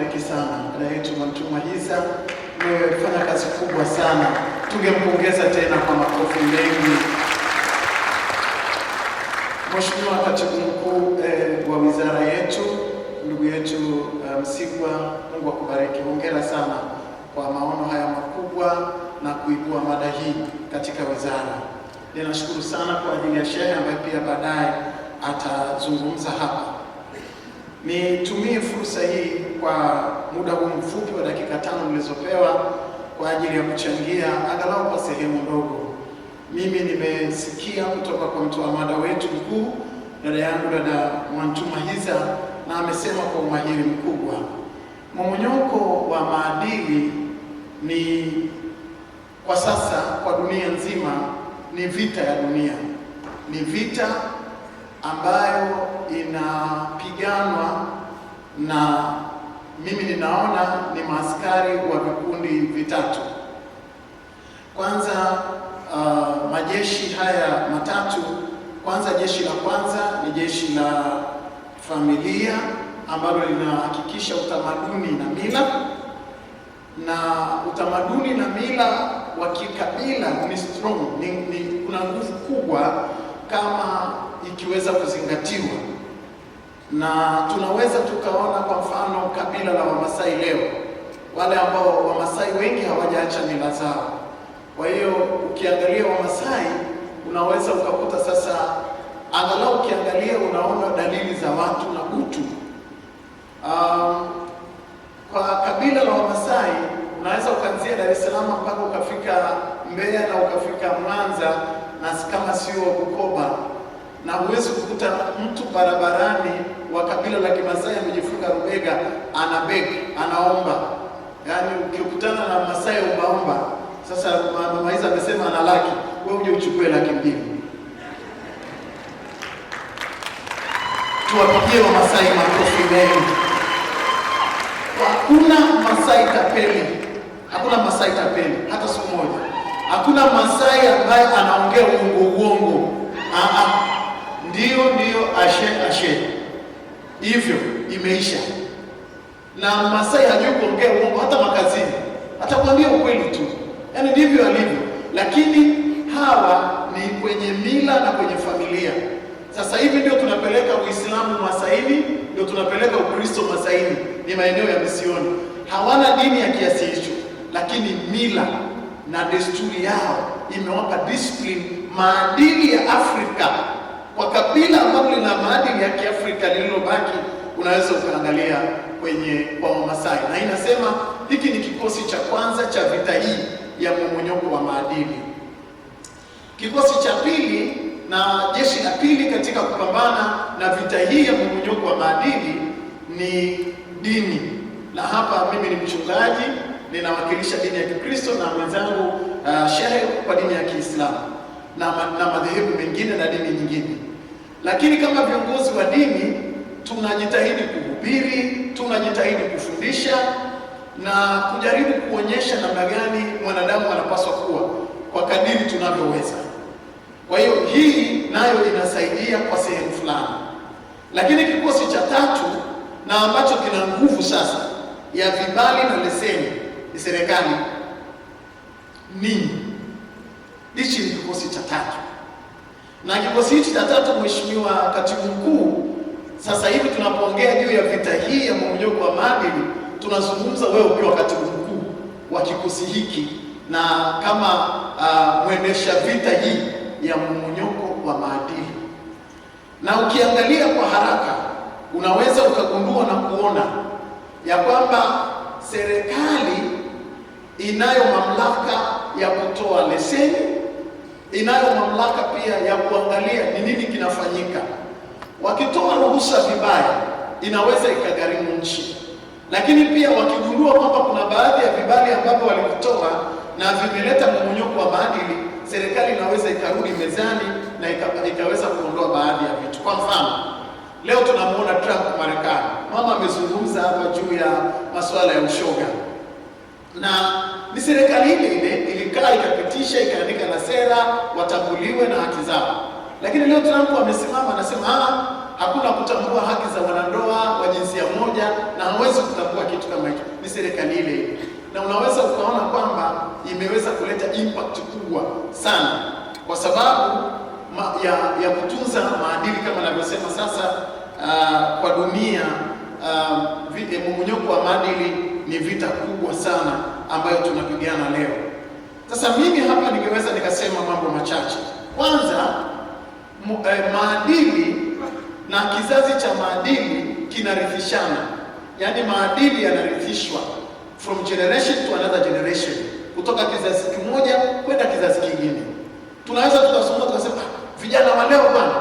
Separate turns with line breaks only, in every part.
bariki sana dada yetu Mwantuma Isa, umefanya kazi kubwa sana, tungempongeza tena kwa makofi mengi. Mheshimiwa Katibu Mkuu eh, wa wizara yetu ndugu yetu eh, Msigwa, Mungu akubariki. Hongera sana kwa maono haya makubwa na kuibua mada hii katika wizara. Ninashukuru sana kwa ajili ya shehe ambaye pia baadaye atazungumza hapa. Nitumie fursa hii kwa muda huu mfupi wa dakika tano nilizopewa kwa ajili ya kuchangia angalau kwa sehemu ndogo. Mimi nimesikia kutoka kwa mtoa mada wetu mkuu dada yangu dada Mwantuma Hiza, na amesema kwa umahiri mkubwa, mmonyoko wa maadili ni kwa sasa kwa dunia nzima ni vita ya dunia, ni vita ambayo inapiganwa na mimi ninaona ni maaskari wa vikundi vitatu. Kwanza uh, majeshi haya matatu, kwanza jeshi la kwanza ni jeshi la familia ambalo linahakikisha utamaduni na mila, na utamaduni na mila wa kikabila ni strong, ni, ni kuna nguvu kubwa kama ikiweza kuzingatiwa na tunaweza tukaona kwa mfano kabila la Wamasai leo, wale ambao Wamasai wengi hawajaacha mila zao. Kwa hiyo ukiangalia Wamasai unaweza ukakuta sasa, angalau ukiangalia unaona dalili za watu na utu. Um, kwa kabila la Wamasai unaweza ukaanzia Dar es Salaam mpaka ukafika Mbeya na ukafika Mwanza na kama sio Bukoba na huwezi kukuta mtu barabarani wa kabila la Kimasai amejifunga rubega anabegi anaomba, yaani ukikutana na Masai umaomba Sasa mama hizo amesema ana laki, wewe uje uchukue laki mbili. Tuwapigie Wamasai makofi mengi. Hakuna Masai tapeli, hakuna Masai tapeli hata siku moja. Hakuna Masai ambaye anaongea uongo uongo, ah ah ndio ndio, ashe ashe, hivyo imeisha. Na Masai hajui kuongea uongo, hata makazini atakwambia ukweli tu, yaani ndivyo alivyo. Lakini hawa ni kwenye mila na kwenye familia. Sasa hivi ndio tunapeleka Uislamu Masaini, ndio tunapeleka Ukristo Masaini, ni maeneo ya misioni. Hawana dini ya kiasi hicho, lakini mila na desturi yao imewapa discipline, maadili ya Afrika kwa kabila ambalo lina maadili ya Kiafrika lililobaki, unaweza ukaangalia kwenye kwa Wamasai, na inasema hiki ni kikosi cha kwanza cha vita hii ya mmomonyoko wa maadili. Kikosi cha pili na jeshi la pili katika kupambana na vita hii ya mmomonyoko wa maadili ni dini, na hapa mimi ni mchungaji ninawakilisha dini ya Kikristo na mwenzangu uh, shehe kwa dini ya Kiislamu na, na madhehebu mengine na dini nyingine. Lakini kama viongozi wa dini tunajitahidi kuhubiri, tunajitahidi kufundisha na kujaribu kuonyesha namna gani mwanadamu anapaswa kuwa kwa kadiri tunavyoweza. Kwa hiyo hii nayo inasaidia kwa sehemu fulani, lakini kikosi cha tatu na ambacho kina nguvu sasa ya vibali na leseni ni serikali. Ninyi dichi ni kikosi cha tatu na kikosi hichi cha tatu, Mheshimiwa Katibu Mkuu, sasa hivi tunapoongea juu ya vita hii ya mmomonyoko wa maadili, tunazungumza wewe ukiwa katibu mkuu wa kikosi hiki na kama uh, mwendesha vita hii ya mmomonyoko wa maadili, na ukiangalia kwa haraka unaweza ukagundua na kuona ya kwamba serikali inayo mamlaka ya kutoa leseni inayo mamlaka pia ya kuangalia ni nini kinafanyika. Wakitoa ruhusa vibaya, inaweza ikagharimu nchi, lakini pia wakigundua kwamba kuna baadhi ya vibali ambavyo walivitoa na vimeleta mmonyoko wa maadili, serikali inaweza ikarudi mezani na ikaweza kuondoa baadhi ya vitu. Kwa mfano, leo tunamuona Trump Marekani, mama amezungumza hapa juu ya masuala ya ushoga na ni serikali ile ile ilikaa ikapitisha ikaandika na sera watambuliwe na haki zao, lakini leo Trump amesimama anasema ah, hakuna kutambua haki za wanandoa wa jinsia moja na hawezi kutambua kitu kama hicho. Ni serikali ile ile, na unaweza ukaona kwamba imeweza kuleta impact kubwa sana kwa sababu ma, ya, ya kutunza maadili kama anavyosema sasa uh, kwa dunia uh, ah, eh, mumunyoko wa maadili ni vita kubwa sana ambayo tunapigana leo. Sasa mimi hapa ningeweza nikasema mambo machache. Kwanza, eh, maadili na kizazi cha maadili kinarithishana, yaani maadili yanarithishwa from generation to another generation, kutoka kizazi kimoja kwenda kizazi kingine. Tunaweza tukasoma tukasema, vijana wa leo bwana,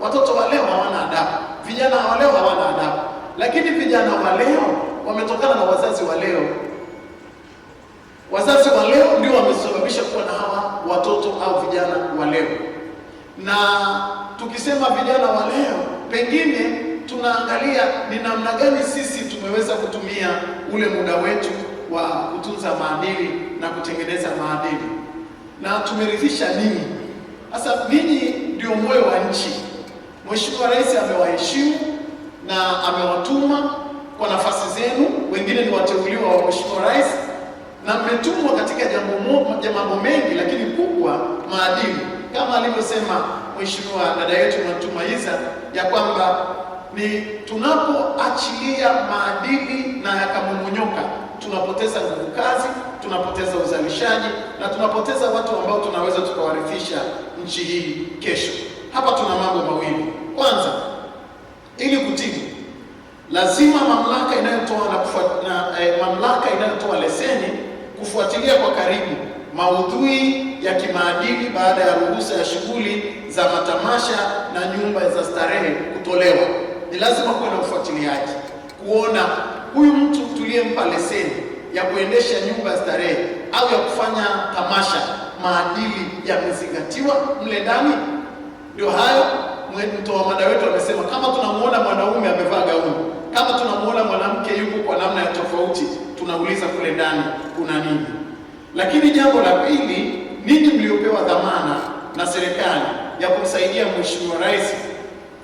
watoto wa leo hawana adabu, vijana wa leo hawana adabu, lakini vijana wa leo wametokana na wazazi wa leo Wazazi wa leo ndio wamesababisha kuwa na hawa watoto au vijana wa leo, na tukisema vijana wa leo, pengine tunaangalia ni namna gani sisi tumeweza kutumia ule muda wetu wa kutunza maadili na kutengeneza maadili na tumeridhisha nini. Sasa ninyi ndio moyo wa nchi. Mheshimiwa Rais amewaheshimu na amewatuma kwa nafasi zenu, wengine ni wateuliwa wa Mheshimiwa Rais na mmetumwa katika jambo mengi, lakini kubwa maadili, kama alivyosema mheshimiwa dada yetu Mtumaiza ya kwamba ni tunapoachilia maadili na yakamomonyoka, tunapoteza nguvu kazi, tunapoteza uzalishaji na tunapoteza watu ambao tunaweza tukawarithisha nchi hii kesho. Hapa tuna mambo mawili. Kwanza, ili kutibu, lazima mamlaka inayotoa na, na eh, mamlaka inayotoa leseni kufuatilia kwa karibu maudhui ya kimaadili baada ya ruhusa ya shughuli za matamasha na nyumba za starehe kutolewa. Ni lazima kuwe na ufuatiliaji, kuona huyu mtu tuliyempa leseni ya kuendesha nyumba ya starehe au ya kufanya tamasha, maadili yamezingatiwa mle ndani. Ndio hayo mtoa mada wetu amesema, kama tunamuona mwanaume amevaa gauni, kama tunamuona mwanamke yuko kwa namna ya tofauti tunauliza kule ndani kuna nini. Lakini jambo la pili, ninyi mliopewa dhamana na serikali ya kumsaidia mheshimiwa rais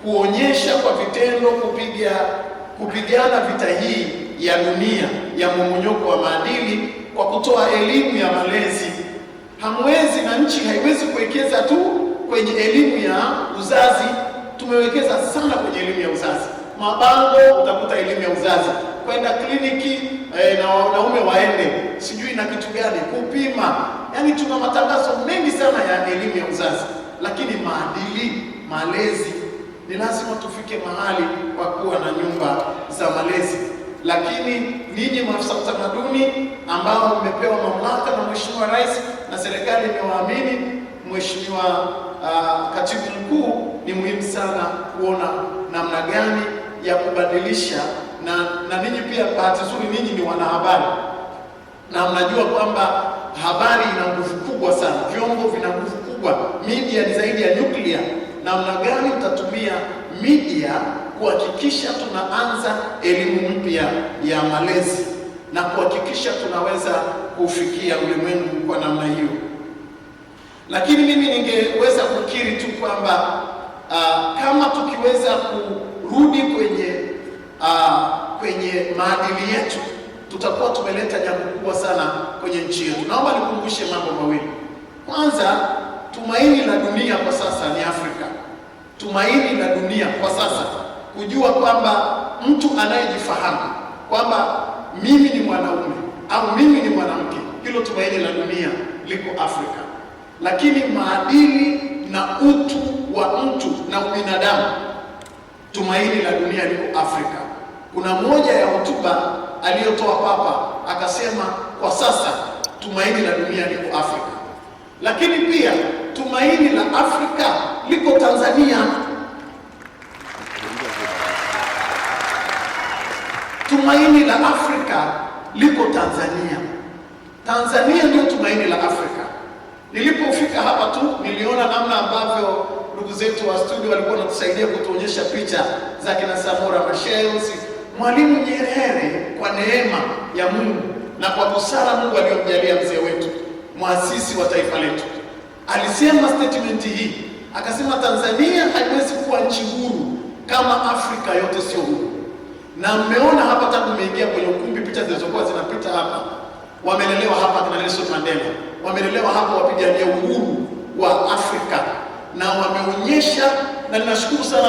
kuonyesha kwa vitendo kupiga kupigana vita hii ya dunia ya mmomonyoko wa maadili kwa kutoa elimu ya malezi. Hamwezi na nchi haiwezi kuwekeza tu kwenye elimu ya uzazi. Tumewekeza sana kwenye elimu ya uzazi, mabango, utakuta elimu ya uzazi, kwenda kliniki eh, na wanaume waende sijui na kitu gani kupima. Yaani tuna matangazo mengi sana ya elimu ya uzazi, lakini maadili, malezi ni lazima tufike mahali kwa kuwa na nyumba za malezi. Lakini ninyi maafisa utamaduni ambao mmepewa mamlaka na Mheshimiwa Rais na serikali imewaamini Mheshimiwa uh, katibu mkuu, ni muhimu sana kuona namna gani ya kubadilisha na na ninyi pia, bahati nzuri ninyi ni wanahabari na mnajua kwamba habari ina nguvu kubwa sana, vyombo vina nguvu kubwa, media ni zaidi ya nyuklia. Namna gani mtatumia media kuhakikisha tunaanza elimu mpya ya malezi na kuhakikisha tunaweza kufikia ulimwengu kwa namna hiyo. Lakini mimi ningeweza kukiri tu kwamba uh, kama tukiweza kurudi kwenye uh, kwenye maadili yetu, tutakuwa tumeleta jambo kubwa sana kwenye nchi yetu. Naomba nikumbushe mambo mawili. Kwanza, tumaini la dunia kwa sasa ni Afrika. Tumaini la dunia kwa sasa, kujua kwamba mtu anayejifahamu kwamba mimi ni mwanaume au mimi ni mwanamke, hilo tumaini la dunia liko Afrika. Lakini maadili na utu wa mtu na ubinadamu, tumaini la dunia liko Afrika. Kuna moja ya hotuba aliyotoa Papa akasema, kwa sasa tumaini la dunia liko Afrika, lakini pia tumaini la Afrika liko Tanzania. Tumaini la Afrika liko Tanzania. Tanzania ndio tumaini la Afrika. Nilipofika hapa tu niliona namna ambavyo ndugu zetu wa studio walikuwa wanatusaidia kutuonyesha picha za kina Samora Machel Mwalimu Nyerere kwa neema ya Mungu na kwa busara Mungu aliyomjalia mzee wetu, mwasisi wa taifa letu, alisema statement hii akasema, Tanzania haiwezi kuwa nchi huru kama Afrika yote sio huru. Na mmeona hapa tangu umeingia kwenye ukumbi, picha zilizokuwa zinapita hapa, wamelelewa hapa kina Nelson Mandela, wamelelewa hapa wapigania uhuru wa Afrika na wameonyesha, na ninashukuru sana